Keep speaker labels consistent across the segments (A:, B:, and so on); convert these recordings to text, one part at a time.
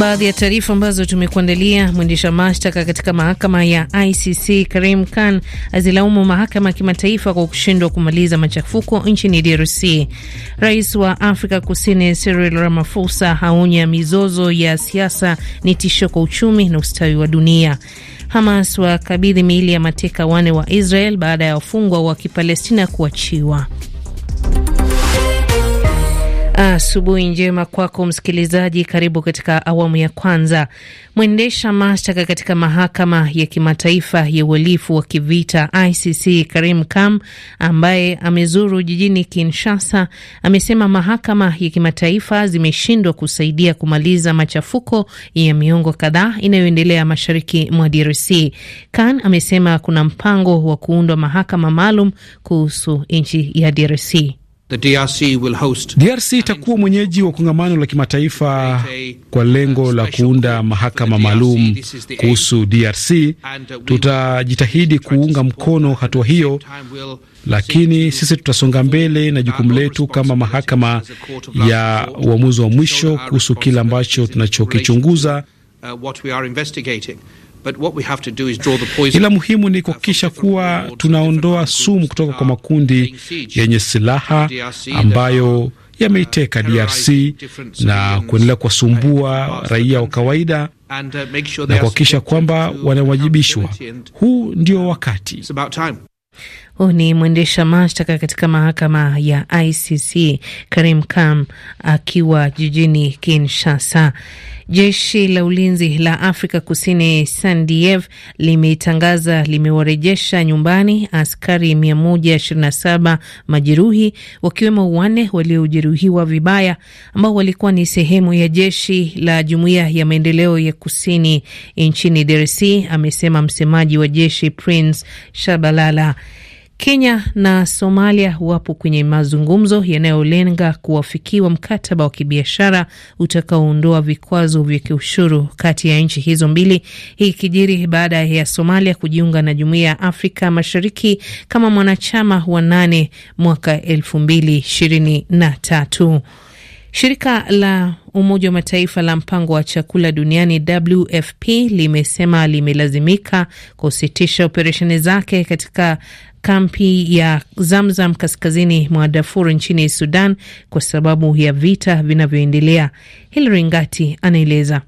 A: Baadhi ya taarifa ambazo tumekuandalia: mwendesha mashtaka katika mahakama ya ICC Karim Khan azilaumu mahakama ya kimataifa kwa kushindwa kumaliza machafuko nchini DRC. Rais wa Afrika Kusini Cyril Ramaphosa haonya mizozo ya siasa ni tisho kwa uchumi na ustawi wa dunia. Hamas wakabidhi miili ya mateka wane wa Israel baada ya wafungwa wa Kipalestina kuachiwa. Asubuhi njema kwako msikilizaji, karibu katika awamu ya kwanza. Mwendesha mashtaka katika mahakama ya kimataifa ya uhalifu wa kivita ICC Karim Kam ambaye amezuru jijini Kinshasa amesema mahakama ya kimataifa zimeshindwa kusaidia kumaliza machafuko ya miongo kadhaa inayoendelea mashariki mwa DRC. Kan amesema kuna mpango wa kuundwa mahakama maalum kuhusu nchi ya DRC.
B: DRC itakuwa mwenyeji wa kongamano la kimataifa kwa lengo la kuunda mahakama maalum kuhusu DRC. Tutajitahidi kuunga mkono hatua hiyo, lakini sisi tutasonga mbele na jukumu letu kama mahakama ya uamuzi wa mwisho kuhusu kile ambacho tunachokichunguza. Uh, Ila muhimu ni kuhakikisha kuwa tunaondoa sumu kutoka kwa makundi yenye silaha ambayo yameiteka DRC na kuendelea kuwasumbua raia wa kawaida uh, na kuhakikisha kwamba wanawajibishwa. Huu ndio wakati
A: huu ni mwendesha mashtaka katika mahakama ya ICC Karim Kam akiwa jijini Kinshasa. Jeshi la ulinzi la Afrika Kusini SANDF limetangaza limewarejesha nyumbani askari 127 majeruhi, wakiwemo wanne waliojeruhiwa vibaya ambao walikuwa ni sehemu ya jeshi la Jumuiya ya Maendeleo ya Kusini nchini DRC, amesema msemaji wa jeshi Prince Shabalala. Kenya na Somalia wapo kwenye mazungumzo yanayolenga kuwafikiwa mkataba wa kibiashara utakaoondoa vikwazo vya kiushuru kati ya nchi hizo mbili. Hii ikijiri baada ya Somalia kujiunga na Jumuiya ya Afrika Mashariki kama mwanachama wa nane mwaka elfu mbili ishirini na tatu. Shirika la Umoja wa Mataifa la mpango wa chakula duniani WFP limesema limelazimika kusitisha operesheni zake katika kampi ya Zamzam kaskazini mwa Darfur nchini Sudan kwa sababu ya vita vinavyoendelea. Hilary Ngati anaeleza.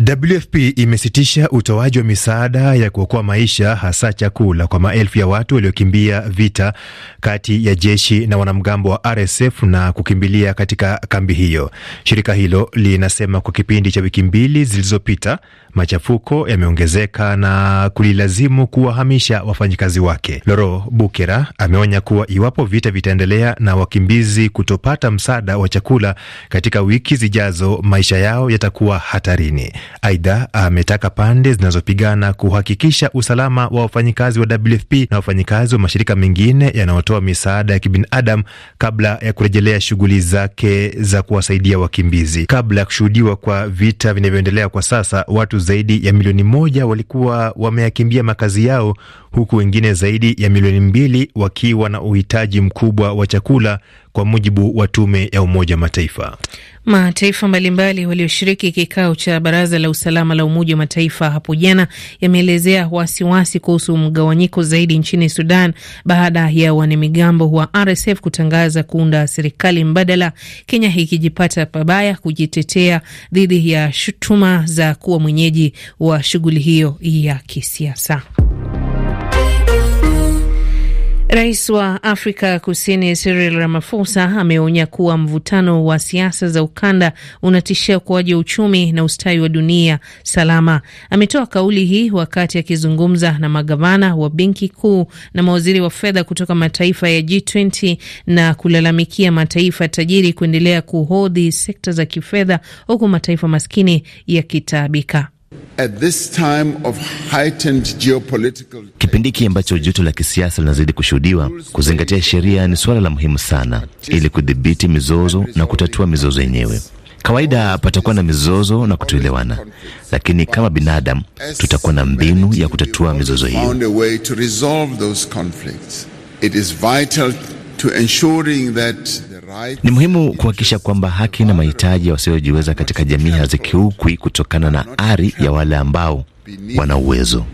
C: WFP imesitisha utoaji wa misaada ya kuokoa maisha hasa chakula kwa maelfu ya watu waliokimbia vita kati ya jeshi na wanamgambo wa RSF na kukimbilia katika kambi hiyo. Shirika hilo linasema kwa kipindi cha wiki mbili zilizopita, machafuko yameongezeka na kulilazimu kuwahamisha wafanyikazi wake. Loro Bukera ameonya kuwa iwapo vita vitaendelea na wakimbizi kutopata msaada wa chakula katika wiki zijazo, maisha yao yatakuwa hatarini. Aidha, ametaka pande zinazopigana kuhakikisha usalama wa wafanyikazi wa WFP na wafanyikazi wa mashirika mengine yanayotoa misaada ya kibinadamu kabla ya kurejelea shughuli zake za kuwasaidia wakimbizi. Kabla ya kushuhudiwa kwa vita vinavyoendelea kwa sasa, watu zaidi ya milioni moja walikuwa wameyakimbia makazi yao, huku wengine zaidi ya milioni mbili wakiwa na uhitaji mkubwa wa chakula, kwa mujibu wa tume ya Umoja Mataifa.
A: Mataifa mbalimbali walioshiriki kikao cha baraza la usalama la Umoja wa Mataifa hapo jana yameelezea wasiwasi kuhusu mgawanyiko zaidi nchini Sudan baada ya wanamigambo wa RSF kutangaza kuunda serikali mbadala, Kenya ikijipata pabaya kujitetea dhidi ya shutuma za kuwa mwenyeji wa shughuli hiyo ya kisiasa. Rais wa Afrika Kusini Cyril Ramaphosa ameonya kuwa mvutano wa siasa za ukanda unatishia ukuaji wa uchumi na ustawi wa dunia salama. Ametoa kauli hii wakati akizungumza na magavana wa benki kuu na mawaziri wa fedha kutoka mataifa ya G20 na kulalamikia mataifa tajiri kuendelea kuhodhi sekta za kifedha huku mataifa maskini yakitaabika.
B: Geopolitical...
C: kipindi hiki ambacho joto la kisiasa linazidi kushuhudiwa, kuzingatia sheria ni suala la muhimu sana, ili kudhibiti mizozo na kutatua mizozo yenyewe. Kawaida patakuwa na mizozo na kutoelewana, lakini kama binadamu tutakuwa na mbinu ya kutatua mizozo hiyo. Ni muhimu kuhakikisha kwamba haki na mahitaji ya wasiojiweza katika jamii hazikiukwi kutokana na ari ya wale ambao
B: wana uwezo.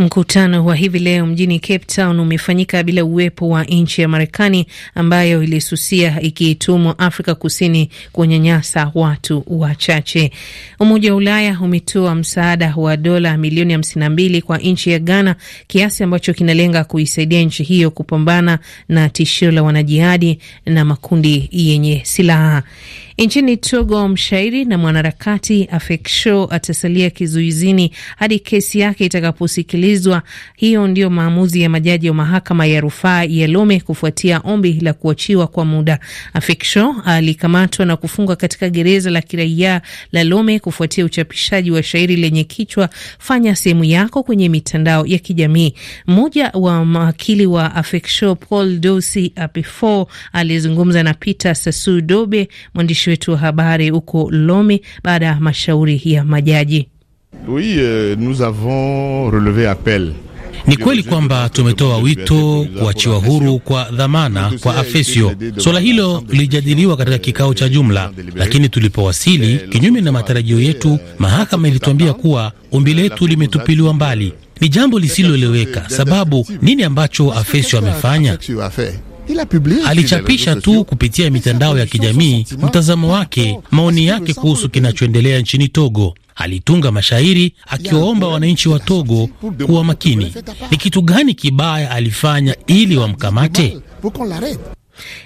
A: Mkutano wa hivi leo mjini Cape Town umefanyika bila uwepo wa nchi ya Marekani ambayo ilisusia ikiitumwa Afrika Kusini kunyanyasa watu wachache. Umoja wa Ulaya umetoa msaada wa dola milioni 52 kwa nchi ya Ghana, kiasi ambacho kinalenga kuisaidia nchi hiyo kupambana na tishio la wanajihadi na makundi yenye silaha. Nchini Togo, mshairi na mwanaharakati Afeksho atasalia kizuizini hadi kesi yake itakaposikilizwa. Hiyo ndiyo maamuzi ya majaji wa mahakama ya rufaa ya Lome kufuatia ombi la kuachiwa kwa muda. Afeksho alikamatwa na kufungwa katika gereza la kiraia la Lome kufuatia uchapishaji wa shairi lenye kichwa fanya sehemu yako kwenye mitandao ya kijamii. Mmoja wa mawakili wa Afeksho Paul Dosi Apifo aliyezungumza na Peter Sasu Dobe mwandishi wetu wa habari huko lomi baada ya mashauri ya majaji.
B: Oui, euh, nous avons relevé appel. Ni kweli kwamba tumetoa wito kuachiwa huru kwa dhamana kwa Afesio. Suala hilo
C: lilijadiliwa katika kikao cha jumla, lakini tulipowasili, kinyume na matarajio yetu, mahakama ilituambia kuwa ombi letu limetupiliwa mbali. Ni jambo lisiloeleweka. Sababu nini ambacho Afesio amefanya?
B: Alichapisha tu
C: kupitia mitandao ya kijamii mtazamo wake, maoni yake kuhusu kinachoendelea nchini Togo. Alitunga mashairi akiwaomba wananchi wa Togo kuwa makini. Ni kitu gani kibaya alifanya ili wamkamate?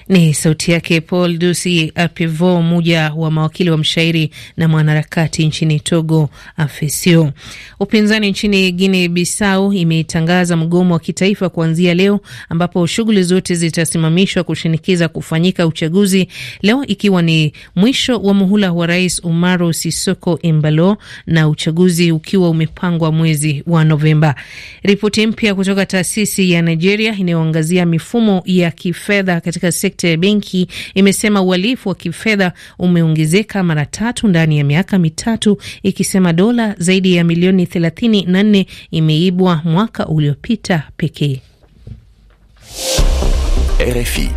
A: Ni sauti yake Paul Dusi Apivo, mmoja wa mawakili wa mshairi na mwanaharakati nchini Togo, Afesio. Upinzani nchini Guine Bisau imetangaza mgomo wa kitaifa kuanzia leo, ambapo shughuli zote zitasimamishwa kushinikiza kufanyika uchaguzi leo, ikiwa ni mwisho wa muhula wa Rais Umaro Sisoko Embalo na uchaguzi ukiwa umepangwa mwezi wa Novemba. Ripoti mpya kutoka taasisi ya Nigeria inayoangazia mifumo ya kifedha katika katika sekta ya benki imesema uhalifu wa kifedha umeongezeka mara tatu ndani ya miaka mitatu, ikisema dola zaidi ya milioni 34 imeibwa mwaka uliopita pekee. RFI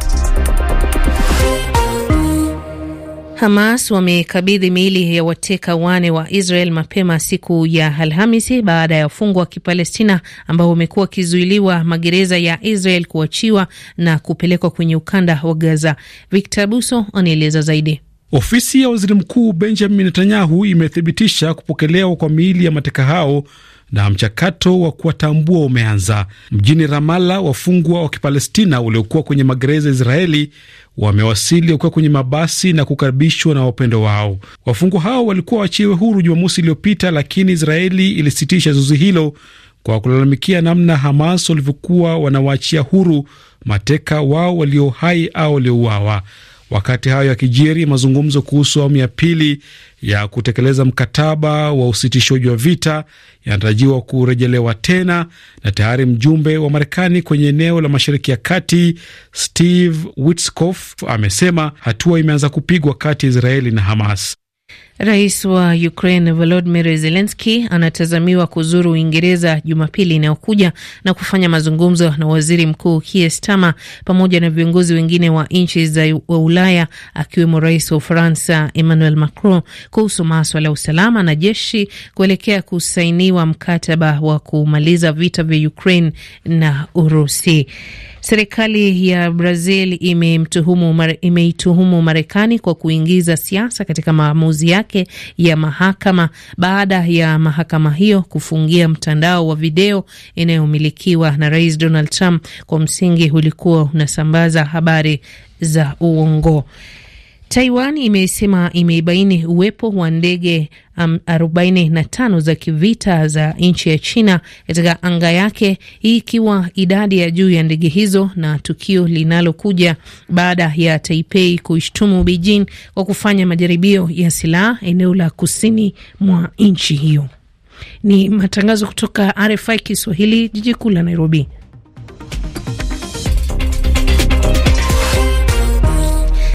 A: Hamas wamekabidhi miili ya wateka wane wa Israel mapema siku ya Alhamisi baada ya wafungwa wa Kipalestina ambao wamekuwa wakizuiliwa magereza ya Israel kuachiwa na kupelekwa kwenye ukanda wa Gaza. Victor Buso anaeleza zaidi.
B: Ofisi ya waziri mkuu Benjamin Netanyahu imethibitisha kupokelewa kwa miili ya mateka hao na mchakato wa kuwatambua umeanza mjini Ramala. Wafungwa wa Kipalestina waliokuwa kwenye magereza ya Israeli wamewasili wakiwa kwenye mabasi na kukaribishwa na wapendo wao. Wafungwa hao walikuwa waachiwe huru Jumamosi iliyopita, lakini Israeli ilisitisha zoezi hilo kwa kulalamikia namna Hamas walivyokuwa wanawaachia huru mateka wao walio hai au waliouawa. Wakati hayo yakijiri, mazungumzo kuhusu awamu ya pili ya kutekeleza mkataba wa usitishaji wa vita yanatarajiwa kurejelewa tena, na tayari mjumbe wa Marekani kwenye eneo la Mashariki ya Kati Steve Witkoff amesema hatua imeanza kupigwa kati ya Israeli na Hamas.
A: Rais wa Ukraine Volodymyr Zelensky anatazamiwa kuzuru Uingereza Jumapili inayokuja na kufanya mazungumzo na waziri mkuu Keir Starmer pamoja na viongozi wengine wa nchi za wa Ulaya akiwemo rais wa Ufaransa Emmanuel Macron kuhusu maswala ya usalama na jeshi kuelekea kusainiwa mkataba wa kumaliza vita vya Ukraine na Urusi. Serikali ya Brazil imeituhumu Marekani kwa kuingiza siasa katika maamuzi yake yake ya mahakama baada ya mahakama hiyo kufungia mtandao wa video inayomilikiwa na Rais Donald Trump kwa msingi ulikuwa unasambaza habari za uongo. Taiwan imesema imebaini uwepo wa ndege um, 45 za kivita za nchi ya China katika anga yake, hii ikiwa idadi ya juu ya ndege hizo na tukio linalokuja baada ya Taipei kuishtumu Beijing kwa kufanya majaribio ya silaha eneo la kusini mwa nchi hiyo. Ni matangazo kutoka RFI Kiswahili, jiji kuu la Nairobi.